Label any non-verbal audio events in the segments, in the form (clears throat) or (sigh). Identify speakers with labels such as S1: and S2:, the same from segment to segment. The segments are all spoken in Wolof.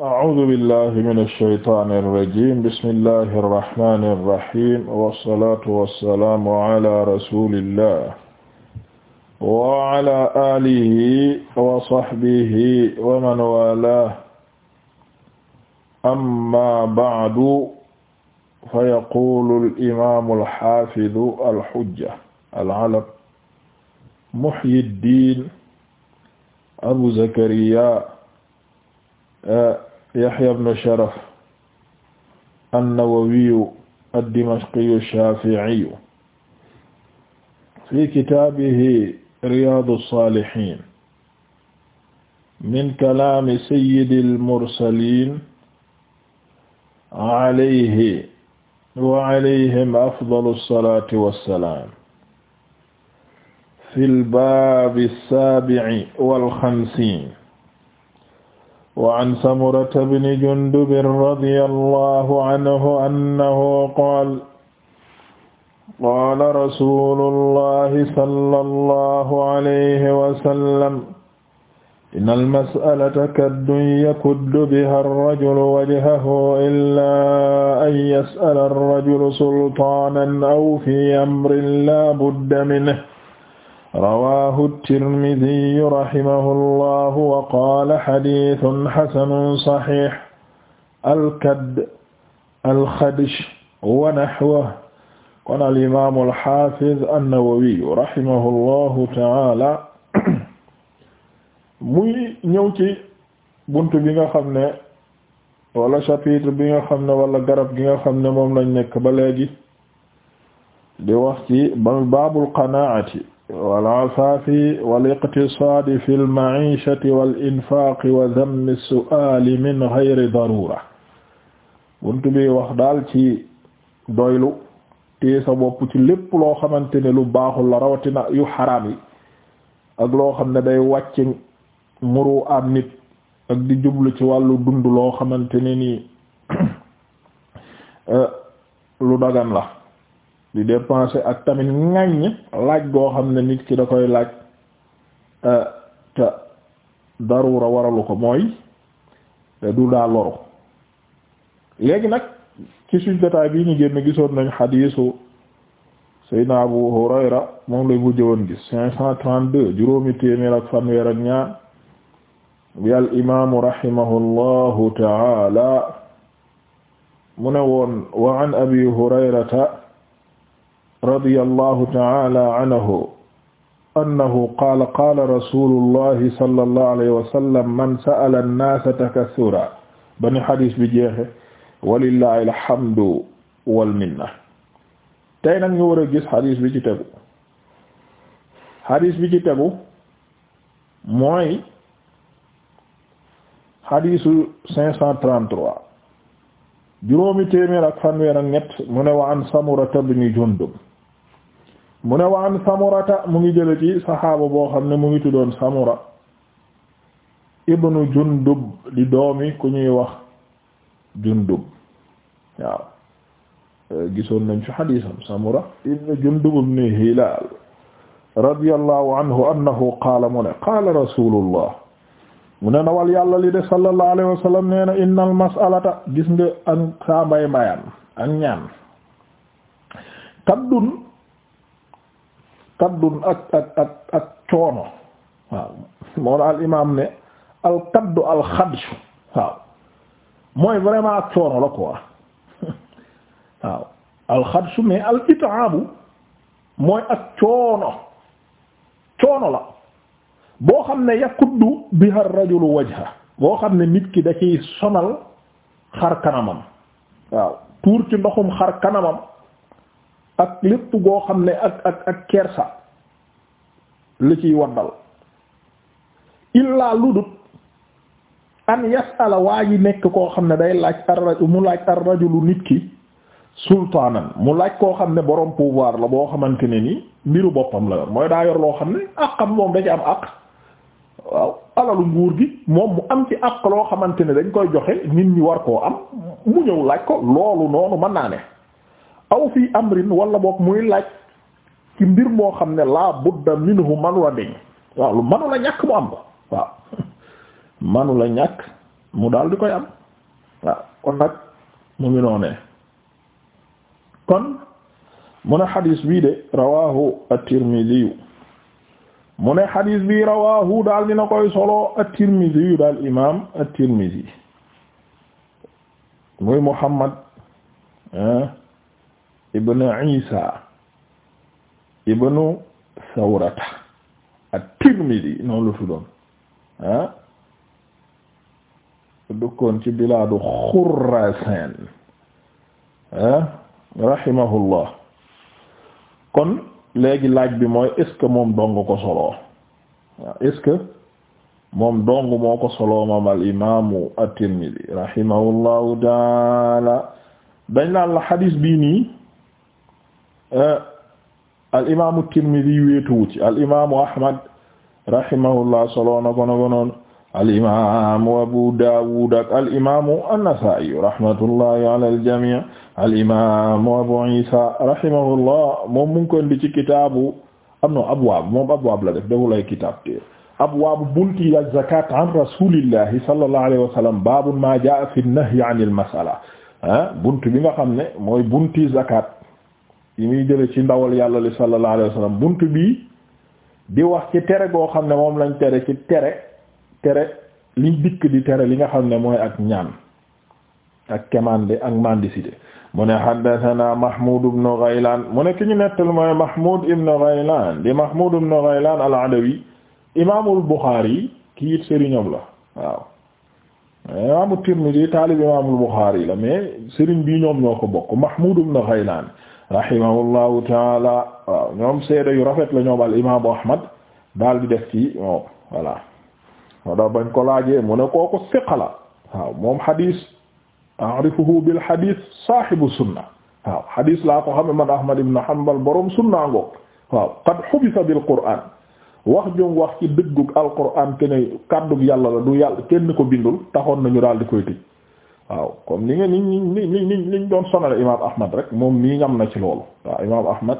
S1: أعوذ بالله من الشيطان الرجيم بسم الله الرحمن الرحيم والصلاة والسلام على رسول الله وعلى آله وصحبه ومن والاه أما بعد فيقول الإمام الحافظ الحجة العلب محي الدين أبو زكريا Yahya ibn Sharaf an-Nawawiyu ad-Dimashqiyu ash-Shafi'iyu fi kitaabihi Riyaadu as-Saalihiin min kalaami sayyidil mursaliin alayhi wa alayhim afdalu as-salaati was-salaam fil baabi as-saabi'i wal khamsiin wa an samurata bni jundubin radiyallahu anhu annahu qaala qaala rasuulullahi sallallahu alayhi wa sallam innal mas'alata kaddun yakuddu biha ar-rajulu wajhahu illaa an yas'ala ar-rajulu sultaanan aw fii amrin laa budda minhu rawaahu tirmidiyu rahimahullah wa qaala xadiisun xasanun saxiix alkadd alxadsh wa naxwah kon alimaamu alxaafiz annawawiyu rahimahullahu taala muy ñëw ci bunt bi nga xam ne wala chapitre bi nga xam ne wala garab gi nga xam ne moom lañ nekk ba léegi di wax ci baabul qanaati والعفاف والاقتصاد في المعيشة والإنفاق وذم السؤال من غير ضرورة bunt bi wax daal ci doylu tée sa ci lépp loo xamante ne lu baaxul la rawatina yu xaraam yi ak loo xam ne day wàcc muru am nit ak di jublu ci wàllu dund loo xamante ne nii (clears throat) euh, lu dagan la di dépenser ak tamit ŋaññ laaj boo xam ne nit ki da koy laaj euh, darura waralu ko mooy du daa loru léegi nag ci suñ jotaay bii ñu génn gisoon nañ xadiisu Seydina Abu Hurayra moom lañ mujj woon gis cinq cent juróomi téeméer ak fanweer ak ñaar bi al imaamu rahimahullahu taala mu ne woon wa an abi hurayrata radiyallahu ta'ala anhu annahu qaala qaala rasulullahi sallallahu alayhi wa sallam man sa'ala an-naasa takassuran ba ni xadis bi jeexe walillahi alhamdu wal minna tey nag ñu war a gis xadis bi ci tegu xadis bi ci tegu mooy xadisu 533 juróomi téeméer ak fanweer ak ñett mu ne wa an Samurata ibn Jundub mu ne waan samurata mu ngi jële ci saxaaba boo xam ne mu ngi tuddoon samura ibnu jundub di doomi ku ñuy wax jundub waaw gisoon nañ fi xadiisam samura ibnu jundub ibnu hilaal radiyallahu anhu qaala mu ne qaala rasulullah mu ne nawal yàlla li de sallallahu alayhi wa sallam inna al gis nga ak saa mbay mbayaan ak ñaan kaddun kaddun ak ak ak coono waaw moo la al imaam ne al kaddu al xadsu waaw mooy vraiment ak coono la quoi (laughs) waaw al xadsu mais al itaabu mooy ak coono coono la boo xam ne yakuddu biha ar-rajulu wajha boo xam ne nit ki da ciy sonal xar kanamam waaw tuur ci ndoxum xar kanamam ak lépp goo xam ne ak ak ak kersa li ciy waddal illaa ludut an yasala waa ji nekk koo xam ne day laaj ar mu laaj ar rajulu nit ki sultaanan mu laaj koo xam ne borom pouvoir la boo xamante ne ni mbiru boppam la yor mooy daa yor loo xam ne àqam moom da ci am àq waaw alalu nguur gi moom mu am ci àq loo xamante ne dañ koy joxe nit ñi war koo am mu ñëw laaj ko loolu noonu mën naa ne aw fii amrin wala boog muy laaj ci mbir moo xam ne la budda minhu manula deñ waaw lu manula ñàkk mu am (laughs) manula ñàkk mu daal di koy am waaw kon nag mu ngi kon mune ne xadis bii de rawahu at-Tirmidhi mu ne xadis bi rawahu daal dina koy solo at-Tirmidhi yu daal imam at-Tirmidhi muy Muhammad ibn Isa ibn Sawrata at-Tirmidhi noonu la tuddoon ah ci bilaadu Xurasaan ah rahimahullah kon léegi laaj bi mooy est moom dong ko soloo waaw est-ce que moom dong moo ko soloo moom al imaamu at-Tirmidhi taala dañ naan la xadiis bii nii Euh, al imaamu Tirmidi wéetuwu ci al imaamu Ahmad rahimahullah solo na ko na ko noonu al imaamu Abu Daawud ak al imaamu An-Nasaa'i rahmatullahi ala al-jamii' al imaamu Abu Iisa rahimahullah moom mu ngi koy indi ci kitaabu am na abwaab moom abwaab la def deful ay kitaab te abwaabu bunti az-zakaat an rasuulillahi sallallahu alayhi wa sallam baabun maa jaa'a fi an-nahyi an al-mas'ala ah buntu bi nga xam ne mooy bunti zakat. li muy jële ci ndawal yàlla li sallallahu alayhi wasallam bunt bi di wax ci tere goo xam ne moom lañ tere ci tere tere liñ dikk di tere li nga xam ne mooy ak ñaan ak kemande ak mendicité mu ne haddathana Mahmoud ibn Ghaylan mu ne ki ñu nettal mooy Mahmoud ibn Ghaylan di Mahmoud ibn Ghaylan al-Adawi imaamul Bukhari kii it sëriñam la waaw imaamu Tirmidhi taalib imaamul Bukhari la mais sëriñ bi ñoom ñoo ko bokk Mahmoud ibn Ghaylan rahimahullahu taala waaw ñoom seede yu rafet la ñoom al imaamu Ahmad daal di def ci moom voilà moo bañ ko laajee mu ne kooku siqa waaw moom hadis a'rifuhu bil hadis saahibu sunna waaw hadis laa ko xam man Ahmad ibn Hanbal borom sunna ngoog waaw qad hubisa bil qur'aan wax jum wax ci dëggug al qur'aan te ne yàlla la du yàlla kenn ko bindul taxoon nañu daal di koy tëj waaw comme ni nga ni ni ni niñ doon sonal imaam Ahmad rek moom mii ñam na ci loolu waaw imaam Ahmad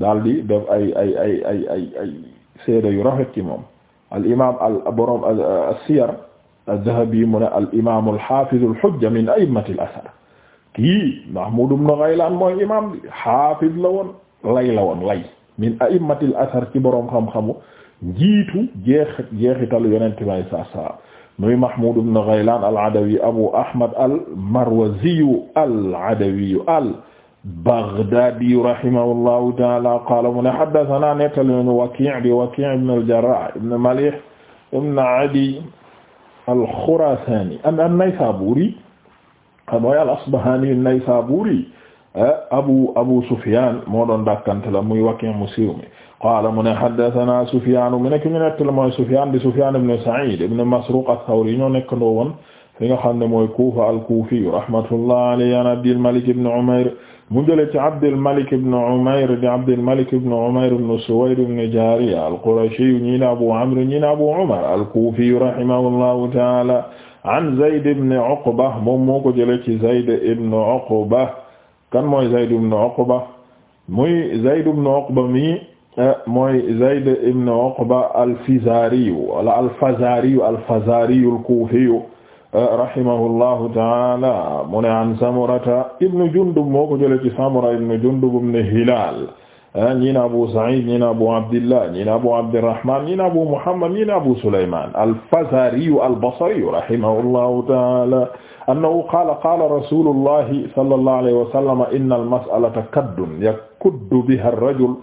S1: daal di def ay ay ay ay ay ay seede yu rafet ci moom al imaam al borom as-siyar az-Zahabi mu ne al imaam al haafiz al hujja min a'immati al athar kii Mahmud ibn Ghaylan mooy imaam bi haafiz la woon lay la woon lay min a'immati al athar ci borom xam-xamu njiitu jeex jeexitalu yonent bi sallallahu alayhi wa sallam muy Mahmoud ibn Ghaylan al-Adawi Abu Ahmad al-Marwazi al-Adawi al-Baghdadi rahimahullahu ta'ala qala mu ne haddathana nettali nañu Waki' di Waki' ibn al-Jarrah ibn Malih ibn Adi al-Khurasani an-Naysaburi mooy al-Asbahani an-Naysaburi eh, Abu Abu Sufyan moo doon dàkkante la muy Waki' mu siiw mi qaala mu ne haddathana Sufyaan mu nekk ñu nettali mooy Sufyaan di Sufyaan ibn Sa'iid ibn Masruuq ath-Thawri ñoo nekkandoo woon fi nga xam ne mooy Kuufa al-Kuufi rahmatullahi alayhi an Abdil Malik ibn Umayr mu jëlee ci Abdil Malik ibn Umayr di Abdil Malik ibn Umayr ibn Suwayd ibn Jaariya al-Qurashi ñii na Abu Amr ñii na Abu Umar al-Kuufi rahimahullahu ta'aala an Zayd ibn Uqba moom moo ko jëlee ci Zayd ibn Uqba kan mooy Zayd ibn Uqba muy Zayd ibn Uqba mi Eh, mooy Zayd ibn Uqba al-Fizari wala al-Fazari al-Fazari al-Kufi eh, rahimahullahu ta'ala mu ne an Samurata ibn Jundub moo ko jëlee ci Samura ibn Jundub ibn Hilal eh, ñi na Abu Sa'id ñi na Abu Abdillah ñi na Abu Abdirrahman ñi na Abu Muhammad ñi na Abu Sulayman al-Fazari al-Basri rahimahullahu ta'ala annahu qaala qaala rasulullahi sallallahu alayhi wa sallam inna al-mas'alata kaddun yakuddu biha ar-rajul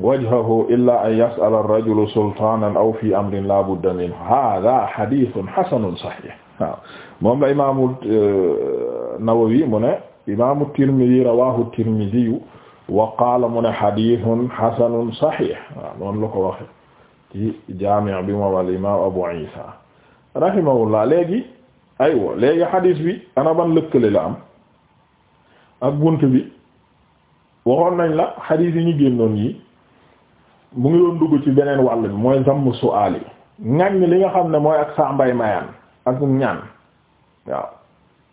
S1: wajhahu illaa an yas'ala ar-rajulu sultaanan aw fi amrin laa budda minhu haaza hadiisun hasanun sahiih waaw moom la imaamu euh, Nawawi mu ne imaamu Tirmidi rawaahu Tirmidi wa qaala mu ne hadiisun hasanun sahiih waaw noonu la ko waxe ci jaami' bi moom al imaam Abu Iisa rahimahullah léegi aywa léegi hadis bi ana ban lëkkale la am ak bunt bi waxoon nañ la hadis yi ñu génnoon yi mu ngi doon dugg ci beneen wàll bi mooy zamm su'aal yi ŋaññ li nga xam ne mooy ak saa mbay mayaan ak ñaan waaw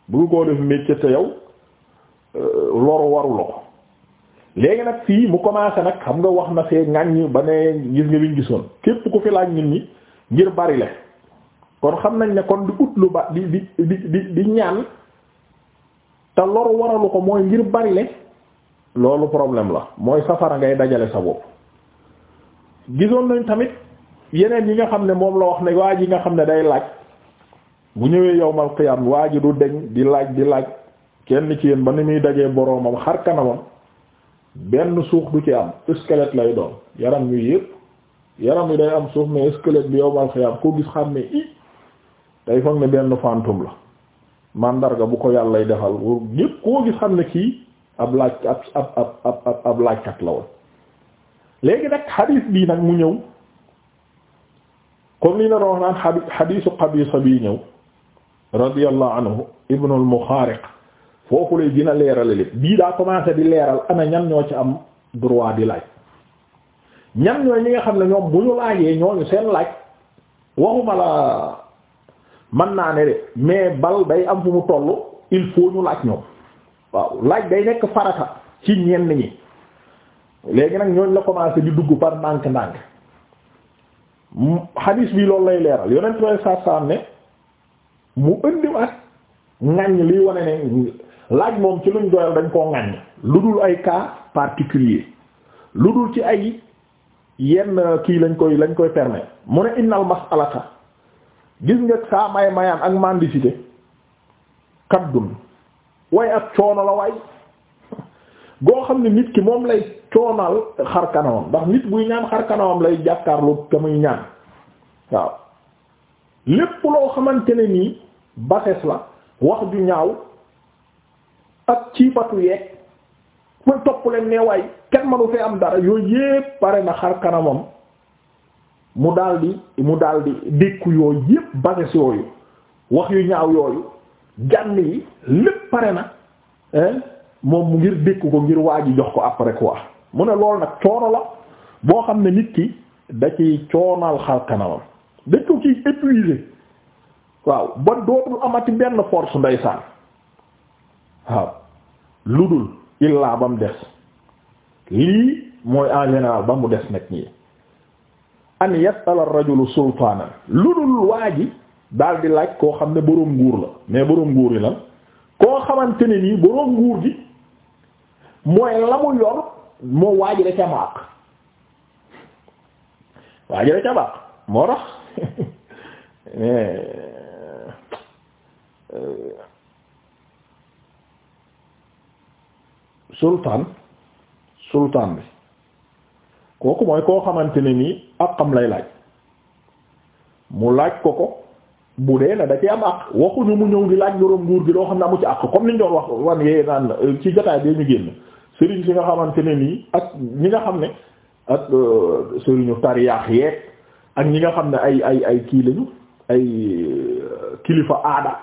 S1: bu koo def métier te yow euh, loru waru la ko léegi nag fii mu commencé nag xam nga wax na fee ŋaññ ba ne gis nga liñ gisoon képp ku fi laaj nit ñi ngir bari le kon xam nañ ne kon di ut lu ba di di di di di ñaan te loru waralu ko mooy ngir bari le loolu problème la mooy safara ngay dajale sa bopp. gisoon nañ tamit yeneen yi nga xam ne moom la wax ne waa ji nga xam ne day laaj bu ñëwee yowmal qiyaam waa ji du deñ di laaj di laaj kenn ci yéen ba ni muy dajee boroomam xar kanamam benn suux du ci am squelette lay doon yaram yu yëpp yaram wi day am suuf mais squelette bi yowmal qiyaam koo gis xam ne i day foog ne benn fantôme la màndarga bu ko yàllay defal ñëpp koo gis xam ne kii ab laaj ab ab ab ab ab laajkat la woon léegi nag xadis bii nag mu ñëw comme li na doon naan xadi xadisu Qabisa bii ñëw radiyallahu anhu ibnu al-Muxaariq foofu lay gën a leeral lépp bii daa commencé di leeral ana ñan ñoo ci am droit di laaj ñan ñooy ñi nga xam ne ñoom bu ñu laajee ñooñu seen laaj waxuma la man naa ne de mais bal day am fu mu toll il faut ñu laaj ñoom waaw laaj day nekk farata ci ñenn ñi léegi nag ñooñ la commencé di dugg par ndànk-ndànk xadiis bi loolu lay leeral yonent way sarsaan ne mu indiwaat ŋàññ liy wane ne laaj moom ci luñ doyal dañ koo ŋàññ lu dul ay cas particulier lu dul ci ay yenn kii lañ koy lañ koy permettre mu ne innal mas'alata gis nga saa may mayaan ak mendicité kaddun waaye ak coono la waay goo xam ne nit ki moom lay coonal xar kanamam ndax nit buy ñaan xar kanamam lay jàkkaarloo ka muy ñaan waaw lépp loo xamante ne nii bases la wax ju ñaaw ak ci batu yeeg muy topp leen ne waay kenn manu fee am dara yooyu yépp pare na xar mu daldi mu daldi dékku yooyu yépp bases wax yu ñaaw yooyu jànn yi lépp pare na moom mu ngir dékku ko ngir waa ji jox ko après quoi mu ne lool nag coono la boo xam ne nit ki da ciy coonaal xar kanamam da ko ciy waaw ba dootul amati benn force ndeysaan waaw lu dul illaa ba mu des lii mooy en général ba mu des nag ñii an yas'al ar-rajulu sultaanan lu dul waa ji dal di laaj koo xam ne boroom nguur la mais boroom nguur yi lan koo xamante ne nii boroom nguur gi mooy la mu yor moo waaji da ca maaq waaji da ca maaq moo tax (laughs) euh, sultan sultan bi kooku mooy koo xamante ne nii xam lay laaj mu laaj ko ko bu dee na da am àq waxuñu mu ñëw di laaj borom nguur gi loo xam ne amu ci àq comme niñ doon wax wan yee naan euh, ci jotaay bee ñu génn sëriñ si nga xamante ne nii ak ñi nga xam ne ak euh, sëriñu tariyaax yeeg ak ñi nga xam ne ay ay ay kii lañu ay euh, kilifa aada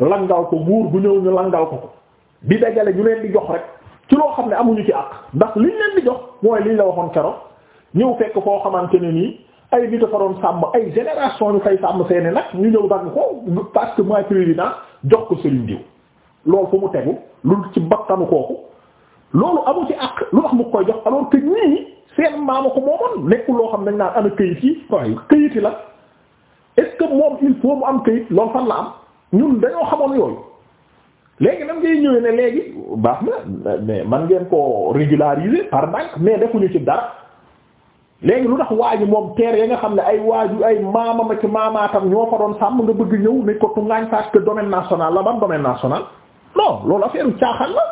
S1: langal ko buur bu ñëw ñu langal ko ko di dajale ñu leen di jox rek ci loo xam ne amuñu ci àq ndax liñ leen di jox mooy liñ la waxoon kero ñëw fekk foo xamante ne nii ay nit a faroon sàmm ay génération ñu fay sàmm seeni nag ñu ñëw dagg ko parce que mooy président jox ko sëriñ diw loolu fu mu tegu lu ci bakkanu kooku loolu amu ci ak lu wax mu koy jox alors que nii seen maama ko moomoon nekkul loo xam nañ naan ana këyit yi waaye këyiti la est que moom il faut mu am këyit loolu fan la am ñun dañoo xamoon yooyu léegi nan ngay ñëwee ne léegi baax na mais man ngeen ko régulariser par banque mais defuñu ci dara léegi lu tax waaji moom terre ya nga xam ne ay waaju ay maamam ak maamaatam ñoo fa doon sàmm nga bëgg ñëw ne ko tungaañ parce que domaine national la ban domaine national loolu affaire la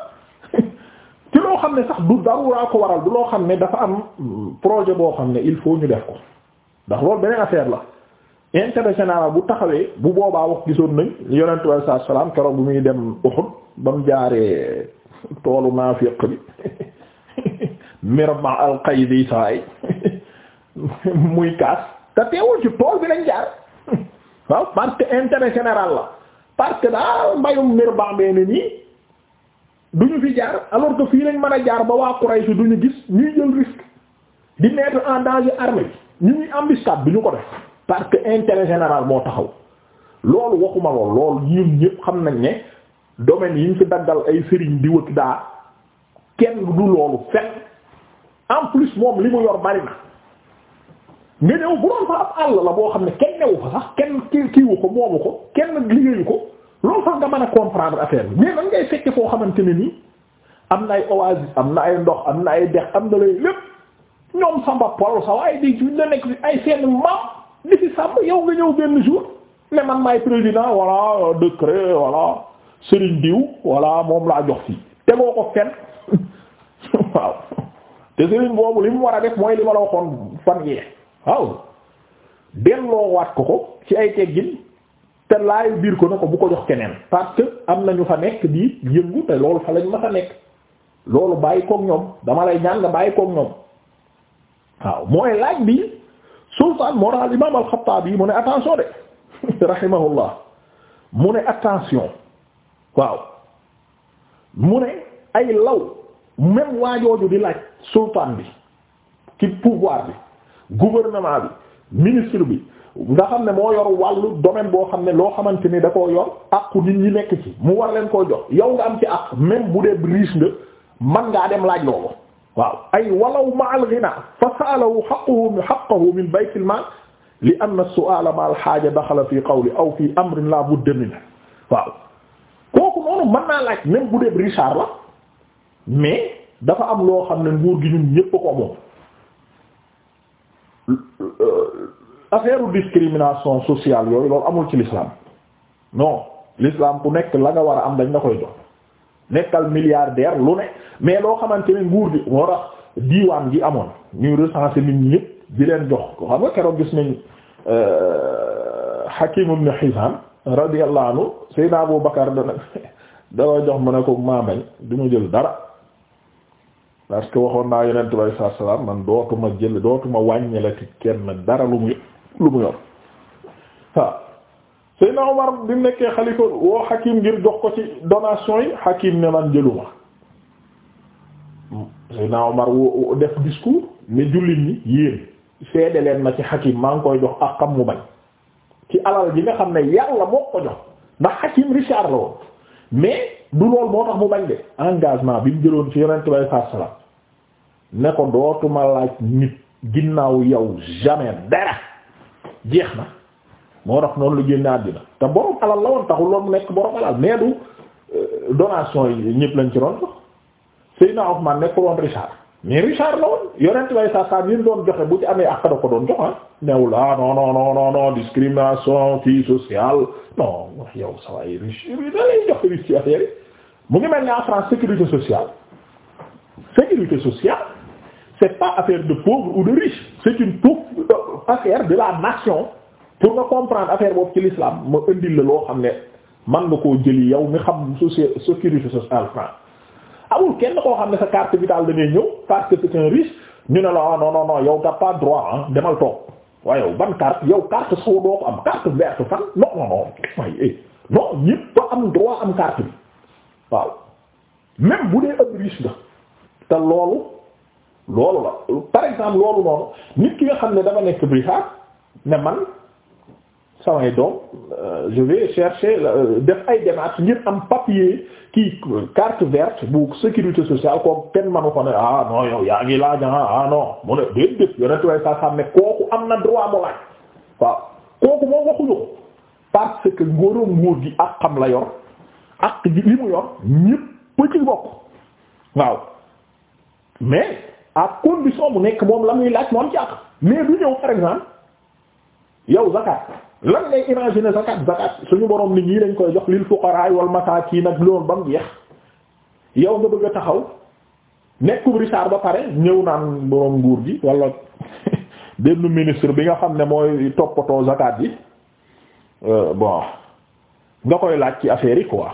S1: (laughs) ci loo xam ne sax du daruraa ko waral du loo xam ne dafa am projet boo xam ne il faut ñu def ko ndax loolu beneen affaire la intérêt général bu taxawee bu boobaa wax gisoon nañ yonent bi sallallahu alayhi wasallam keroog muy dem Uhud ba mu jaaree toolu naafiq bi (laughs) Mirba al-Qaydi saay (laughs) muy kaas te teewul ci tool bi lañ jaar (laughs) waaw parce que intérêt la parce daal mbayum Mirba bee nii duñu fi jaar alors que fii lañ mën a jaar ba waa Quraysh duñu gis ñuy jël risque di mettre en danger armée bi ñu ñuy embuscade bi ñu ko def parce que intérêt général moo taxaw loolu waxuma lool loolu ñun ñëpp xam nañ ne domaine yi ñu fi daggal ay sëriñ di wëkk daa kenn du loolu fenn en plus moom li mu yor bari na nga ñëw bu doon fa ab àll la boo xam ne kenn newu fa sax kenn kii kiiwu ko moomu ko kenn liggéeyu ko loolu sax nga mën a comprendre affaire bi mais nan ngay fekke foo xamante ne nii am na ay oasis am na ay ndox am na ay dex am na lay lépp ñoom samba pol sa waaye di ñu la nekk ay seen maam di fi sàmm yow nga ñëw benn jour ne man maay président voilà décret voilà Serigne Diw voilà moom laa jox fii tegoo ko fen (laughs) waaw te Serigne boobu li war a def mooy li ma la waxoon fan yee waaw delloowaat ko ko ci ay teggin te laayu biir ko na ko bu ko jox keneen parce que am na ñu fa nekk di yëngu te loolu fa lañ ma sa nekk loolu bàyyi kook ñoom dama lay ñaan nga bàyyi kook ñoom waaw mooy laaj bi sultan moral imam al yi mu ne attention de (laughs) rahimahullah mu ne attention waaw mu ne ay law même waajooju di laaj sultan bi ci pouvoir bi gouvernement bi ministre bi nga xam ne moo yor wàllu domaine boo xam ne loo xamante ni da koo yor àqu nit ñi nekk ci mu war leen koo jox yow nga am ci àq même bu dee riche man ngaa dem laaj loolu waaw ay walaw ma al ghina fa saalahu xaquhu xaqahu min baytil mal li anna su'ala ma al xaaja daxala fi qawli aw fi amrin la budda min waaw kooku noonu mën naa laaj même bu dee richard la mais dafa am loo xam ne nguur gi ñun ñépp ko moom affaire discrimination sociale yooyu loolu amul ci l'islam no lislaam ku nekk la nga war a am dañ la koy jox nekkal milliardaire lu ne mais loo xamante ne nguur gi moo tax diiwaan gi amoon ñuy recenser nit ñi ñëpp di leen jox ko xam nga keroog gis nañ euh, Hakim ibn Hizam radiyallahu anhu Seydina Abu Bakar dana (laughs) dara jox ma ne ko maa bañ du ma jël dara parce que waxoon naa yonent bi sallallahu alayhi wasallam man dootuma jël dootuma wàññilati kenn dara lu muy lu mu yor waaw Seydina nekkee xalifa woo Hakim ngir jox ko ci donation yi Hakim ne man jëluma Seydina woo def discours ne jullit ñi yéen seede leen ma ci Hakim maa ngi koy jox ak xam mu bañ ci alal ji nga xam ne yàlla moo ko jox ndax Hakim Richard la woon mais du lool moo tax mu bañ de engagement bi mu jëloon ci yonent bay far salam ne ko dootuma laaj nit ginnaaw yow jamais dara jeex na moo tax noonu lu génn àddina te borom alal la woon taxul loolu mu nekk borom alal mais euh, donation yi ñëpp lañ ci doon jox Seydina Ousmane nekkul woon Richard mais Richard la woon yonent way sa sa ñu doon joxe bu ci amee ak da ko doon jox ah newul ah non non non non non discrimination fii sociale non yow sa waay riche da lay jox riche ci affaire yi mu ngi mel ni en sécurité sociale sécurité sociale c'est pas affaire de pauvre ou de affaire bi la nation pour nga comprendre affaire boobu ci l'islam ma indil la loo xam ne man nga koo jëli yow mi xam société sécurité sociale France amul kenn koo xam ne sa carte bi da ngay ñëw parce que c'est un riche ñu ne la ah non non non yow t'as pas droit ah demal toog waaye yow ban carte yow carte soo doo ko am carte verte fan non non non waaye eh, non ñépp am droit am carte bi waaw même bu dee ab riche nga te loolu. loolu la par exemple loolu noonu nit ki nga xam ne dama nekk brihard ne man samay doom euh, je vais chercher euh, def ay démarches ngir am papier kii carte verte bu sécurité sociale kooku kenn manu ko ne ah, ah, ah am na droit mu laaj waaw kooku moom waxuñu parce que ngóoram nguur gi ak xam la yor ak li mu yor ñépp ci bokk waaw mais à condition bu nekk moom la muy laaj moom ci àq mais du ñëw par exemple yow zakat lan ngay imaginer zakat zakat suñu borom li ñi dañ koy jox lil fuqara wal masakin ak loolu ba mu jeex yow nga bëgg a taxaw nekkum risaar ba pare ñëw naan borom nguur gi wala (laughs) benn ministre bi nga xam ne mooy toppatoo zakat yi euh, bon nga koy laaj ci affaire yi quoi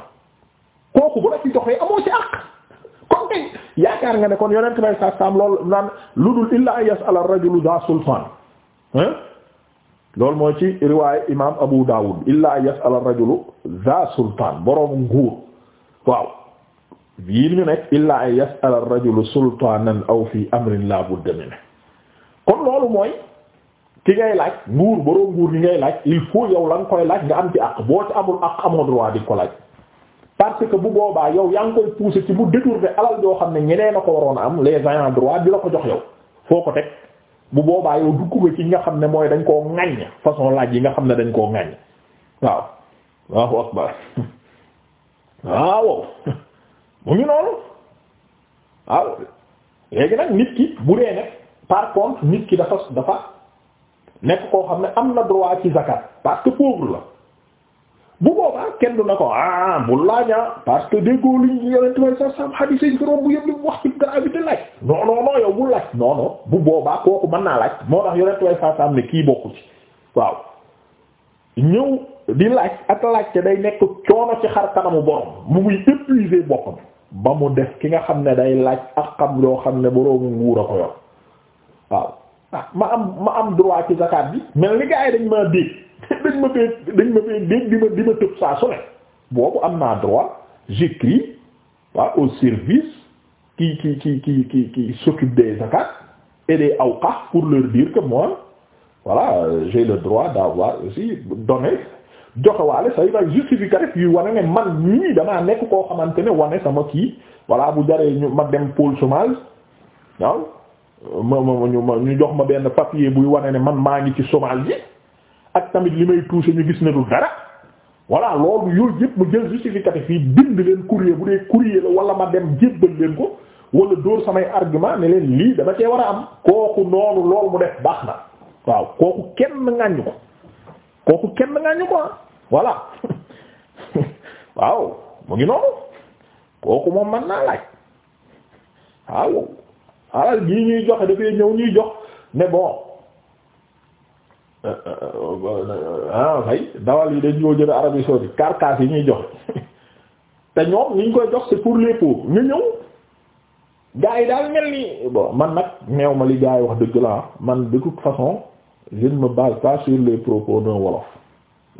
S1: kooku bu ci joxee amoo ci àq. yaakaar nga ne kon yonent bay sa saam loolu naan lu dul illaa an yas'ala ar-rajulu da sulfaan loolu mooy ci riwaay imaam Abu Dawud illaa an yas'ala ar-rajulu da sulfaan borom nguur waaw yii ñu nekk illaa an yas'ala ar-rajulu sultaanan aw fi amrin laa budda minhu kon loolu mooy ki ngay laaj nguur borom nguur gi ngay laaj il faut yow la koy laaj nga am ci àq boo ci amul àq amoo droit di ko laaj parce que bu boobaa yow yaa ngi koy pousser ci mu détourner alal yoo xam ne ñeneen a ko waroon a am les ayants droit bi la ko jox yow foo ko teg bu boobaa yow dugg nga ci nga xam ne mooy dañ koo ŋaññ façon laaj yi nga xam ne dañ koo ŋaññ waaw waaw akbar waaw (laughs) mu ngi waaw léegi nag nit ki bu dee ne par contre nit ki dafa dafa nekk koo xam ne am na droit ci zakat parce que pauvre la bu boobaa kenn du na ko ah bu laaja ah, parce que déggoo liñ yonent way sa sam hadise yi fi romb yëpp li mu wax ci gravité laaj non non yow bu laaj non bu boobaa kooku mën naa laaj moo tax yonent way sa ne kii bokku ci waaw ñëw di laaj ak laaj te day nekk coono ci xar kanamu borom mu ngi épuiser boppam ba mu def ki nga xam ne day laaj ak xam yoo xam ne boroomu nguur a ko yor waaw ah, ma am ma am droit ci zakat bi mel ni dañ ma fee dañ ma fee dégg di ma di ma tëb saa su ne boobu am naa droit j'écris waaw ah, au service qui qui qui qui qui qui s'occupe des zakat et des awqaf pour leur dire que moi voilà j'ai le droit d'avoir aussi donné joxewaale say way justificatif yuy wane ne man ñii damaa nekk koo xamante ne wane sama kii voilà bu jaree ñu ma dem pôle chômage waaw ma ma ñu ma ñu jox ma benn papier buy wane ne man maa ngi ci chômage ji ak tamit li may touché ñu gis ne du dara voilà loolu yooyu yëpp mu jël justificatif yi bind leen courrier bu dee courrier la wala ma dem jébbal leen ko wala dóor samay argument ne leen lii dama cee war a am kooku noonu loolu mu def baax na waaw kooku kenn ŋàññu ko kooku kenn ŋàññu ko ah. voilà (laughs) waaw mu ngi noonu kooku moom man naa laaj waaw alal gii ñuy joxe dafay ñëw ñuy jox ne bon ah fay dawal yi dañ ñoo jël Arabie saoudite carcasse yi ñuy joxe (laughs) te ñoom ñu koy jox c'est pour les pauvres nga ñëw gars yi daal mel ni bon man nag neew ma li gars yi wax dëgg la man de toute façon je ne me base pas sur les propos d'un wolof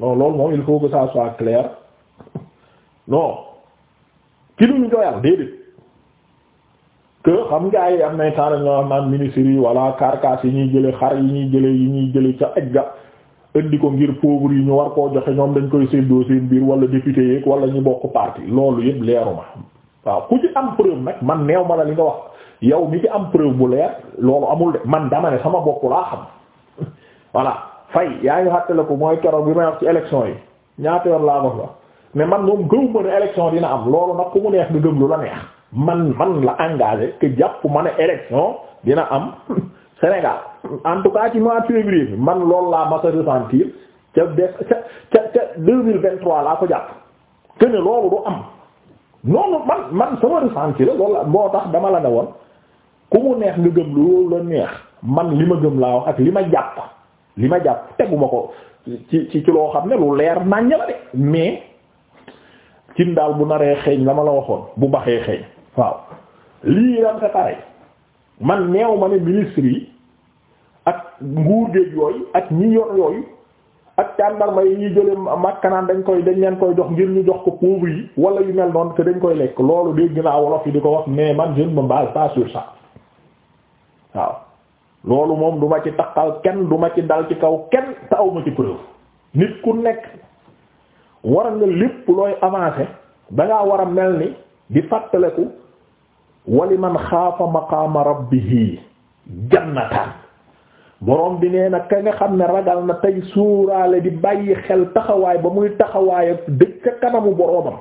S1: non loolu moom il faut que ça soit clair (laughs) non ki duñu joyal déedéet que xam nga ay am nay taara ñoo am naan ministres yi wala carcasse yi ñuy jële xar yi ñuy jële yi ñuy jële ca aj ga indi ko ngir pauvre yi ñu war koo joxe ñoom dañ koy séddoo seen biir wala député yeeg wala ñu bokk parti loolu yëpp leeru waaw ku ci am preuve nag man neew ma la li nga wax yow mi ci am preuve bu leer loolu amul de man dama ne sama bopp laa xam (laughs) voilà fay yaa ngi xàttale ko mooy keroog bi may wax ci élection yi ñaata yoon laa ko fa mais man moom gëw ma ne élection dina am loolu nag neex nga la man man la engagé que jàpp ma ne élection dina am (laughs) Sénégal en tout cas ci mois février bi man loolu laa ma sa ressentir ca def ca ca deux mille vingt trois laa ko jàpp que loolu du am noonu man man sama ressentir loolu la moo tax dama la ne woon ku mu neex nga gëm lu la neex man li ma gëm laa wax ak li ma jàpp li ma jàpp teguma ko ci ci ci loo xam ne lu leer naññ la de mais cin daal bu naree xeeñ la ma la waxoon bu baxee xeeñ waaw lii dam sa pare man neew ma ne ministre yi ak nguur géej yooyu ak ñi yor yooyu ak tàndarma yi ñuy jële makkanaan dañ koy dañ leen koy jox ngir ñu jox ko pauvre yi wala yu mel noonu te dañ koy lekk loolu dégg naa wolof yi di ko wax mais man je ne me base sur ça waaw loolu moom du ma ci taqal kenn du ma ci dal ci kaw kenn te aw ma ci preuve nit ku nekk war nga lépp looy avancer da war a mel ni di fàttaleku waliman xaafa maqaama rabbihi jannataan borom bi nee na ka nga xam ne ragal na tey suuraale di bàyyi xel taxawaay ba muy taxawaay dëkk ca kanamu boromam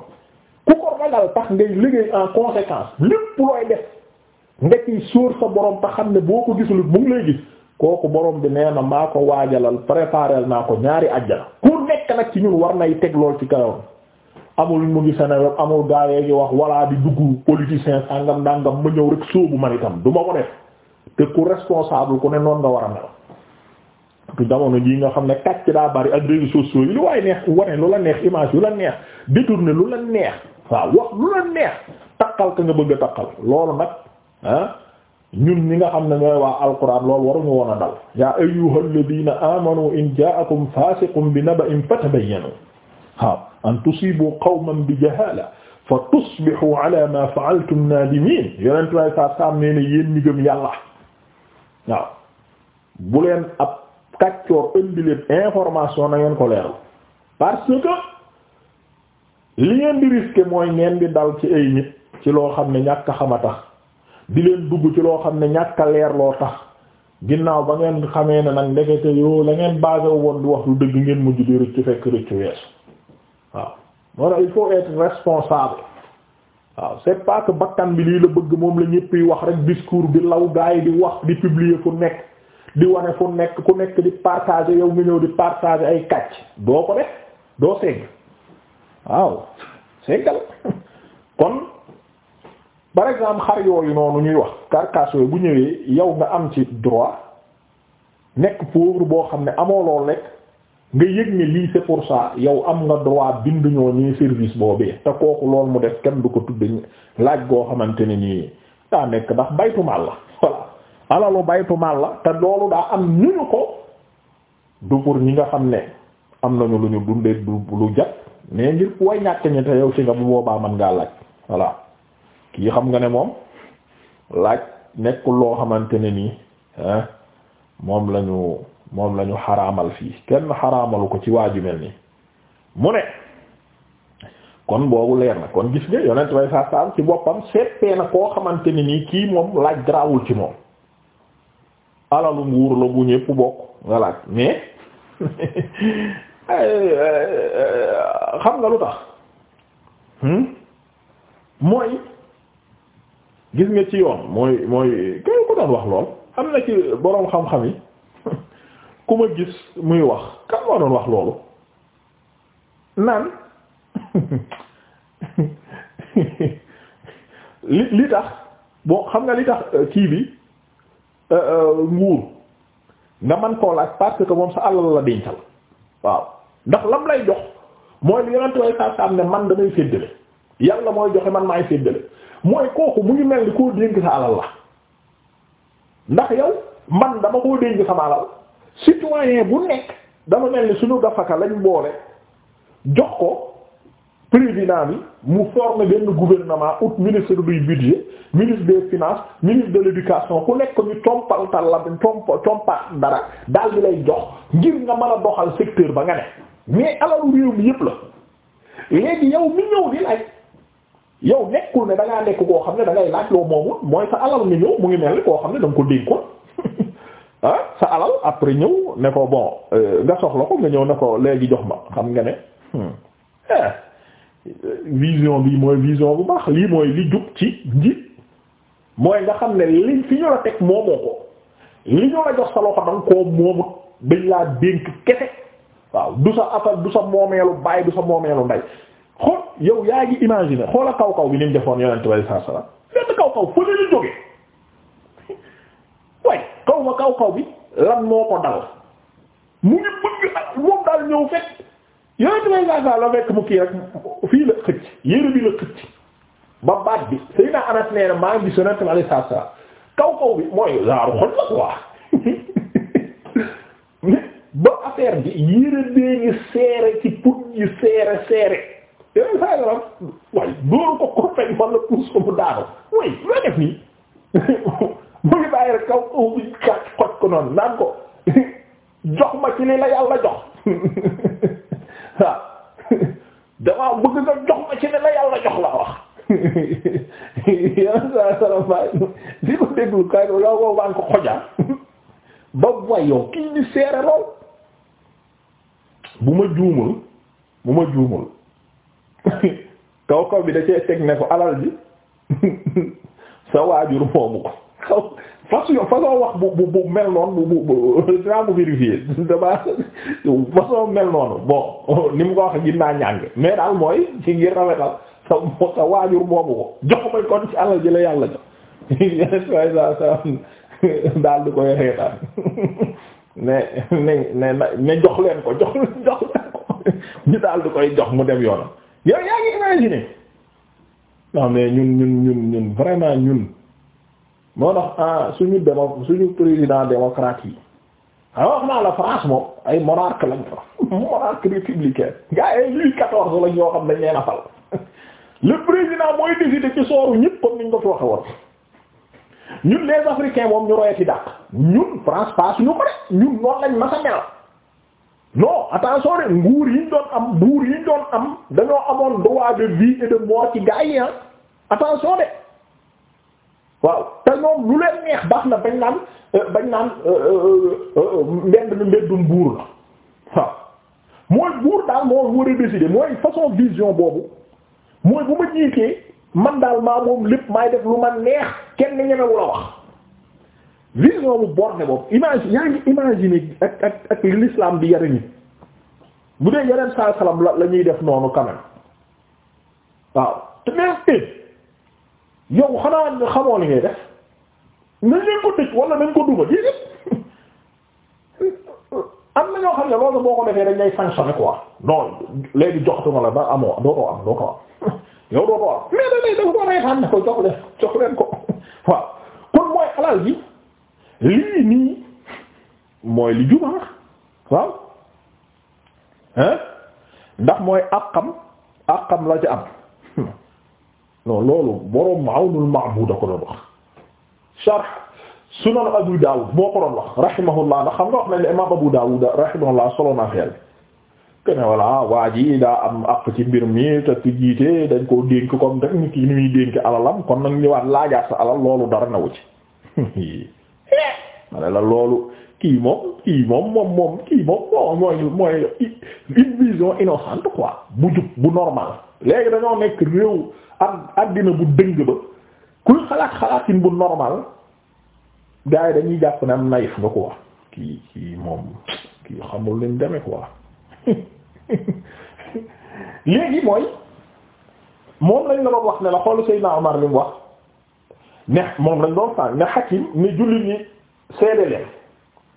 S1: ku ko ragal tax ngay liggéey en conséquence lépp looy def nga ciy suur sa borom te xam ne boo ko gisul mu ngi kooku borom bi nee na maa ko waajalal préparel naa ko ñaari àjjana ku nekk nag ci ñun war nay teg lool ci kanam. amul mu ngi Sénégal amul gaa yee ngi wax walla di dugg politicien sàngam ndàngam ma ñëw rek sóobu man itam du ma ko te ku responsable ku ne noon nga war a mel tu jamono jii nga xam ne kàcc daa bari ak réseaux sociaux yi lu waaye neex wane lu la neex image yu la neex détourner lu la neex waaw wax lu la neex takkal ka nga bëgg a takkal loolu nag ah ñun ñi nga xam ne ñooy waa alquran loolu waruñu woon a dal yaa ayyuhal ladina amanu in ja'akum fasiqun waaw an tusibu qawman bi jahala fa tusbihu ala ma fa'altum nadimin yonent way sa sam nee ne yéen ñi gëm yàlla waaw bu leen ab kàccoor indi leen information na ngeen ko leeru parce que li ngeen di risquer mooy ngeen di dal ci ay nit ci loo xam ne ñàkk a xama tax di leen dugg ci loo xam ne ñàkk leer loo tax ginnaaw ba ngeen xamee ne nag ndekete yoo la ngeen basé woon di wax lu dëgg ngeen mujj di rëccu fekk rëccu weesu waaw non il faut être responsable waaw c'est pas bakkan bi lii la bëgg moom la ñëpp yi wax rek discours bi law gaa yi di wax di publier fu nekk di wane fu nekk ku nekk di partager yow nga ñëw di partager ay kàcc doo ko def doo segg waaw seggal (laughs) kon par exemple xar yooyu noonu ñuy wax carcasse bu ñëwee yow nga am ci droit nekk pauvre boo xam ne amoo loo lekk nga yëg ne lii c'est pour ça yow am nga droit bind ñoo ñii service boobee te kooku lool mu def kenn du ko tudd laaj goo xamante ne nii daa nekk ndax baytu maal la voilà alalu baytu maal la te loolu daa am ñu ñu ko du pour ñi nga xam ne am nañu lu ñu dundee du lu jat mais ngir way ñàkk ñi te yow ci nga bu boobaa mën ngaa laaj voilà kii xam nga ne moom laaj nekkul loo xamante ne nii moom lañu moom lañu xaraamal fii kenn xaraamalu ko ci waaju mel nii mu ne kon boobu leer na kon gis nga yonent bay saa saam ci boppam seetee na koo xamante ni nii kii moom laaj garaawul ci moom alalu nguur la bu ñépp bokk nga laaj mais (laughs) xam nga lu tax hmm? mooy gis nga ci yoon mooy mooy kenn ko doon wax lool am na ci boroom xam-xam yi ku ma gis muy wax kan moo doon wax loolu naan (laughs) li li tax boo xam nga li tax euh, kii bi euh, euh, nguur nga man koo laaj parce moom sa alal la dencal waaw ndax lam lay jox mooy li yeneen way saa am ne man damay séddale yàlla mooy joxe man maay séddale mooy kooku mu ngi mel ni koo dénk sa alal la ndax yow man dama koo dénk sama alal citoyen bu nekk dafa mel ni suñu gafaka lañ boole jox ko président bi mu former benn gouvernement out ministre du budget ministre des finances ministre de l'éducation ku nekk ñu compal tal la compa compa dara daal di lay jox ngir nga mën a doxal secteur ba nga ne mais alalu réew mi yépp la léegi yow mi ñëw di laaj yow nekkul ne da ngaa nekk koo xam ne da ngay laaj loo moomu mooy sa alal mi ñëw mu ngi mel ni koo xam ne da nga ko dénkoon ah sa alal après ñëw ne ko bon euh, nga soxla ko nga ñëw ne ko léegi jox ma xam nga ne hmm. eh, vision bi mooy vision bu baax lii mooy li jub ci njiit mooy nga xam ne li fi ñu la teg moomoo ko li ñu la jox sa loxo danga koo moomut dañ laa dénk kese waaw du sa afal du sa moomeelu baay du sa moomeelu ndey xool yow yaa ngi imaginer xoola kaw kaw bi ni defoon yonent bi sallallahu alayhi wasallam benn kaw kaw fa ñu jógee xaw ma kaw kaw bi lan moo dal mu ngi bëgg ak moom daal ñëw fekk yooyu may saa saa la fekk mu kii rek fii la xëcc yére bi la xëcc ba baat bi Seydina Anas nee na maa ngi gis Yonent bi alayhi salaatu salaam kaw kaw bi mooy genre xol la quoi (laughs) ba affaire bi yére bee ngi seere ci put yi seere seere yooyu saa saa la nii (laughs) mu ngi bàyyi rek kaw kaw ko noonu naan ko (laughs) jox ma ci li la yàlla jox (laughs) waaw (laughs) damaa bëgg nga jox ma ci li la yàlla jox la wax yow bi da cee teg sa waajur moomu ko xaw façon façon wax bu bu bu mel noonu bu bu (laughs) dinaa ko vérifier (laughs) damaa façon mel noonu bon (laughs) ni mu ko waxee ginnaaw ñàng mais daal mooy ci ngir rafetal sa sa waajur boobu ko jox ko may kon ci alal ji la yàlla jox yeneen saa saa daal di koy reetaan ne ne ne ne jox leen ko jox jox leen ko ñu daal di koy jox mu dem yoonam yow yaa ngi imaginer non mais ñun ñun ñun ñun vraiment ñun. moo tax ah, suñu démo suñu a ah, wax naa la France moom ay monarque lañ fa (laughs) monarque républicain nga ay Louis quatorze lañ yoo xam ne ñeen a (laughs) président mooy décider ci sooru ñëpp comme niñ ko fi waxe woon ñun les africains moom ñu royati dàq ñun France pas suñu ko de ñun noonu lañ masa mel attention de nguur yiñ doon am buur yiñ doon am dañoo amoon droit de vie et de mort ci gaa yi ah. attention de waaw te ñoom lu leen neex baax na bañ naan euh, bañ naan euh, euh, mbedd mi mbeddum buur la waaw mooy buur daal moo war a décider mooy façon vision boobu mooy bu ma jiitee man daal maa moom lépp maay def lu ma neex kenn ñemewu la wax vision bu borne boobu image yaa ngi imaginer ak ak ak l'islam bi yare nit bu dee yeneen saa la la ñuy def noonu quand waaw te neex yow xanaa xamoo li ngay def nañ leen ko tëj wala nañ ko duma déedéet am na ñoo xam ne loolu boo ko defee dañ lay sanctionné quoi non léegi joxatuma la ba amoo dootoo am dootoo am (laughs) yow dootoo am mais da lay daf ko reetaan ne ko jox leen leen ko (laughs) waaw kon mooy alal ji lii nii mooy li juma ah waaw hein ndax mooy ak àqam la ci am non loolu boroom Awnul Ma'bud a ko doon wax sharh Sunan Abu Dawud moo ko doon wax rahimahullah ndax xam nga wax nañ ne imaam Abu Dawud rahimahullah solo na xel que ne voilà waa ji daa am àq ci mbir mi te ki jiite dañ koo dénk comme rek nit ki ni muy dénk alalam kon nag ñëwaat laajaat sa alal loolu dara na wu ci ma la loolu kii moom kii moom moom moom kii moom moom mooy mooy une vision innocente quoi bu jub bu normal léegi dañoo nekk réew. am àddina bu dëng ba kuy xalaat xalaatin bu normal gars yi dañuy jàpp ne am naïf ko quoi kii kii moom kii xamul ni mu demee quoi (laughs) léegi mooy moom lañ la doon wax ne la xool Seydina Omar li wax ne moom lañ doon sànq ne Hakim ne jullit ñi seede leen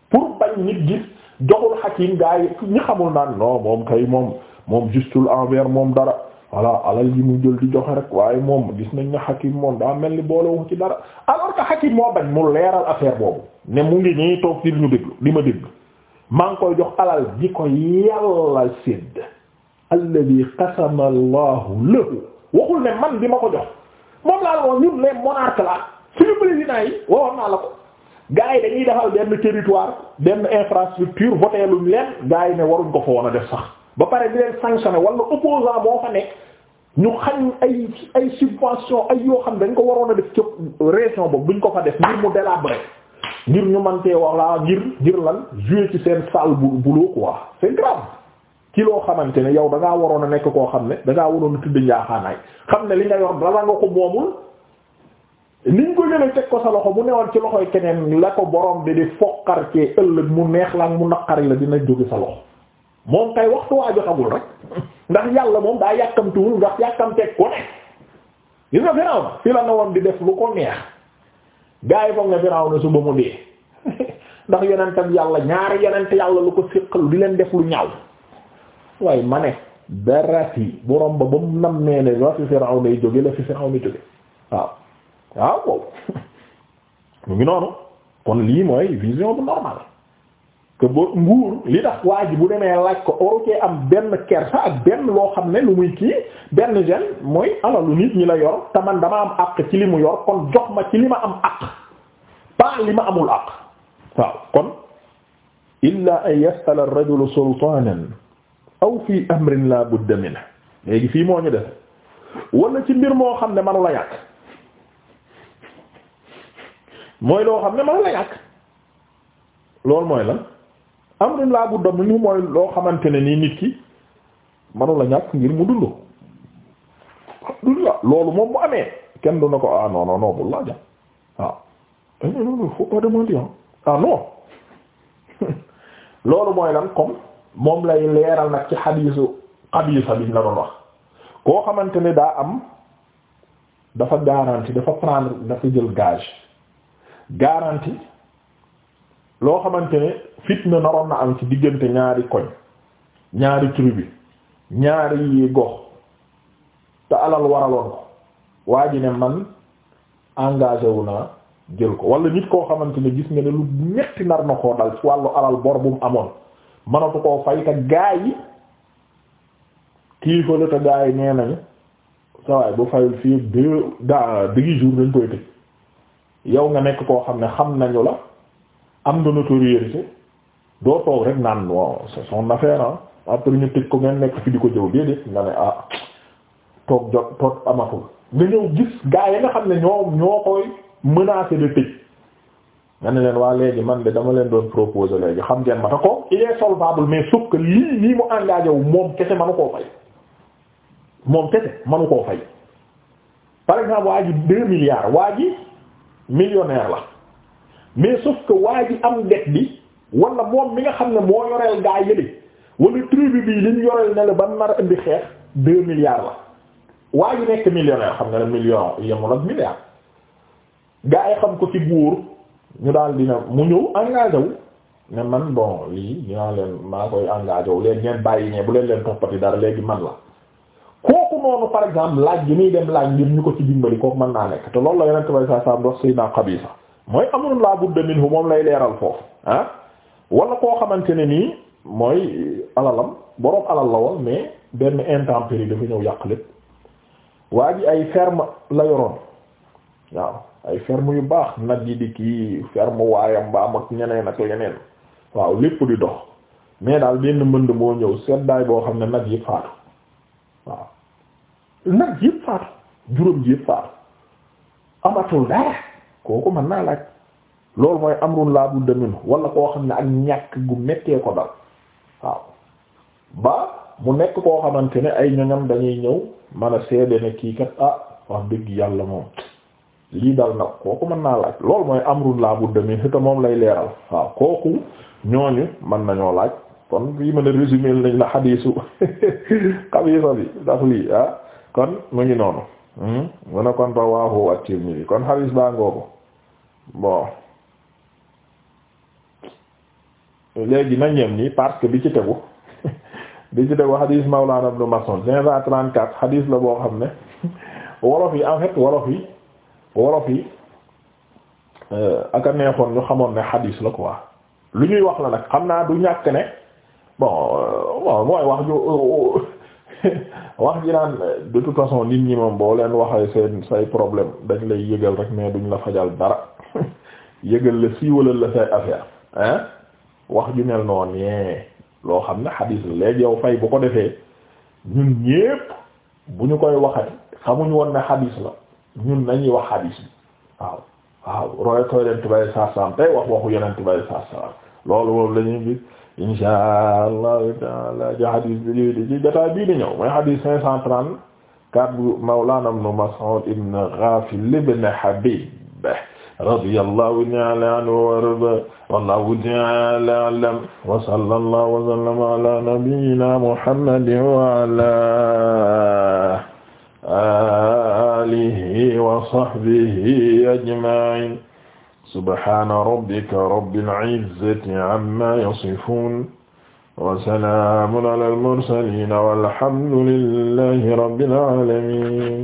S1: pour bañ nit gis joxul Hakim gars yi ñi xamul naan non moom kay moom moom justul envers moom dara. voilà alal yi mu jël di joxe rek waaye moom gis nañ ne Hakim moom daa mel ni boolewoo ci dara alors que Hakim moo bañ mu leeral affaire boobu ne mu ngi nii toog ci ñu déglu li ma déglu maa ngi koy jox alal ji ko yàlla sédd alladi qasama allahu lahu waxul ne man di ma ko jox moom laa la woon ñun les monarques la suñu président yi waxoon naa la ko gars yi dañuy defal benn territoire benn infrastructure voté luñ leen gars yi ne waruñ ko fa woon a def sax ba pare di leen sanctionné wala opposant boo fa nekk ñu xañ ay ay subvention ay yoo xam dañ ko waroon a def cëp région ba buñ ko fa def ngir mu délabré ngir ñu mantee wax laa ngir ngir lan jouer ci seen sale boulot quoi c'est grave ci loo xamante ne yow da ngaa waroon a nekk koo xam ne dangaa waroon a tudd njaaxaanaay xam ne li nga yor dara nga ko moomul niñ ko jëlee teg ko sa loxo bu newoon ci loxoy keneen la ko borom bi di foqar ëllëg mu neex la mu naqari la dina jóge sa moom kay waxtu waa jotagul rek ndax yàlla moom daa yàkkamtuwul ndax yàkkamteeg ko ne gis nga Firawna fi la ne woon di def lu ko neex gaa yi foog ne Firawna suba mu dee (laughs) ndax yonentam yàlla ñaari yonent yàlla lu ko siqal di leen def lu ñaaw waaye ma ne dara fi borom ba ba mu nam nee ne la fi Firawna yi jóge la fi Firawna jóge waaw waaw boobu (laughs) mu ngi noonu kon lii mooy vision bu normal que ba nguur li tax waa ji bu demee laaj ko waru cee am benn kersa ak benn loo xam ne lu muy kii benn gene mooy alalu nit ñi la yor te man dama am àq ci li mu yor kon jox ma ci li ma am àq pas li ma amul àq waaw kon illa an yas'ala ar-rajulu sultanan aw fi amrin la budda minhu léegi fii moo ñu def wala ci mbir moo xam ne manu la yàq mooy loo xam ne manu la loolu mooy la amrun laa budda minhu mooy loo xamante ne nii nit ki manu la ñàkk ngir mu dund alhamdulillah loolu moom mu amee kenn du na ko ah non non non bul laaja waaw ah. Eh, ah non (laughs) loolu mooy lan comme moom lay leeral nag ci xadiisu xabiisa biñ la doon wax koo xamante ne daa am dafa garantie dafa prendre dafa jël gage garantie loo xamante ne fitna naroon na am ci diggante ñaari koñ ñaari tribu ñaari gox te alal waraloon ko waa ji ne man engagé wu naa jël ko wala nit koo xamante ne gis nga ne lu metti nar na koo dal ci wàllu alal bor bu mu amoon mënatu koo fay te gaa yi kilifa la te gaa yi nee nañu sa bu fayul fii deux gaa digi jour dañ koy tëj yow nga nekk koo xam ne xam nañu la am nga notoriété doo toog rek naan bon c'est son affaire ah ñu tëj ko ngeen nekk fi di ko jëw déedéet nga ne ah toog jot toog amatul nga ñëw gis gaa yi xam ne ñoo ñoo koy menacé de tëj nga ne leen waa léegi man de dama leen doon proposer léegi xam ngeen ma te ko il est solvable mais sauf que lii lii mu engagé wu moom kese manu koo fay moom kese manu koo fay par exemple waa ji deux milliards waa ji millionnaire la mais sauf que waa ji am det bi wala moom mi nga xam ne moo yoreel gaa yële wala tribu bii li ñu yoreel ne la ba nar a indi xeex deux milliards waa ji nekk millionnaire xam nga ne million yemul ak milliard gaa yi xam ko ci buur ñu daal dina mu ñëw engagé wu ne man bon lii dinaa leen maa koy engagé wu léegi ngeen bàyyi ñee bu leen leen toppati dara léegi man la kooku noonu par exemple laaj gi muy dem laaj ngir ñu ko ci dimbali kooku mën naa loolu la yeneen tubaab saa mooy amul laa budda minhu moom lay leeral foofu ah wala koo xamante ne nii mooy alalam boroom alal la woon mais benn intempérie dafa ñëw yàq lépp waa ji ay ferme la yoroon waaw ay ferme yu baax nag yi di kii ferme waayam mbaam ak ñeneen ak yeneen waaw lépp di dox mais daal benn mbënd moo ñëw seddaay boo xam ne nag yëpp faatu waaw nag yëpp faatu juróom ji yëpp faatu amatul dara kooku mën naa laaj lool mooy amrun laa budda minhu wala koo xam ne ak ñàkk gu méttee ko dal waaw ba mu nekk koo xamante ne ay ñoñam dañuy ñëw man a seede ne kii kat ah wax dëgg yàlla moom lii dal na kooku mën naa laaj loolu mooy amrun laa budda minhu te moom lay leeral waaw kooku ñooñu mën nañoo laaj kon bii mën a résumé lañ la xadiisu (laughs) xabisa bi ndax lii ah, kon mu ngi noonu hmm? mu ne kon rawaahu at-Tirmidhi kon xadiis baa ngoogu bon léegi nañ yem nii parce que bi ci tegu (laughs) bi ci tegu hadis Mawlana Ibn Mas'ud 534 hadis la boo xam ne (laughs) wolof yi en fait wolof yi wolof yi euh, ak a neexoon ñu xamoon ne hadis la ko quoi lu ñuy wax la nag xam naa du ñàkk ne bon bon euh, mooy wax ju euh, (laughs) wax ji naan de toute façon nit ñi moom boo leen waxee seen say problème dañ lay yëgal rek mais duñ la fajal dara. (laughs) yëgal la siiwalal la say affaire hein wax ju mel noonu yee loo xam ne xadiis la léegi yow fay bu ko defee ñun ñépp bu ñu koy waxati xamuñ woon ne xadiis la ñun nañuy wax xadiis bi waaw waaw roy ko yonent bay saa saam tey wax waxu yonent bay saa saam loolu moom la ñuy gis insha allahu taala ci xadiis bi di di ci jotaay bii di ñëw mooy xadiis cinq cent trente-quatre bu Mawlana ibn Mas'ud ibn Ghafil ibn Habib radiyallahu ta'ala anhu wa arda wallahu ta'ala a'lam wa sallallahu wa sallama ala nabiyyina muhammadin wa ala alihi wa sahbihi ajma'in subhana rabbika rabbil izzati amma yasifun wa salaamun ala al-mursaliin walhamdu lillahi rabbil aalamiin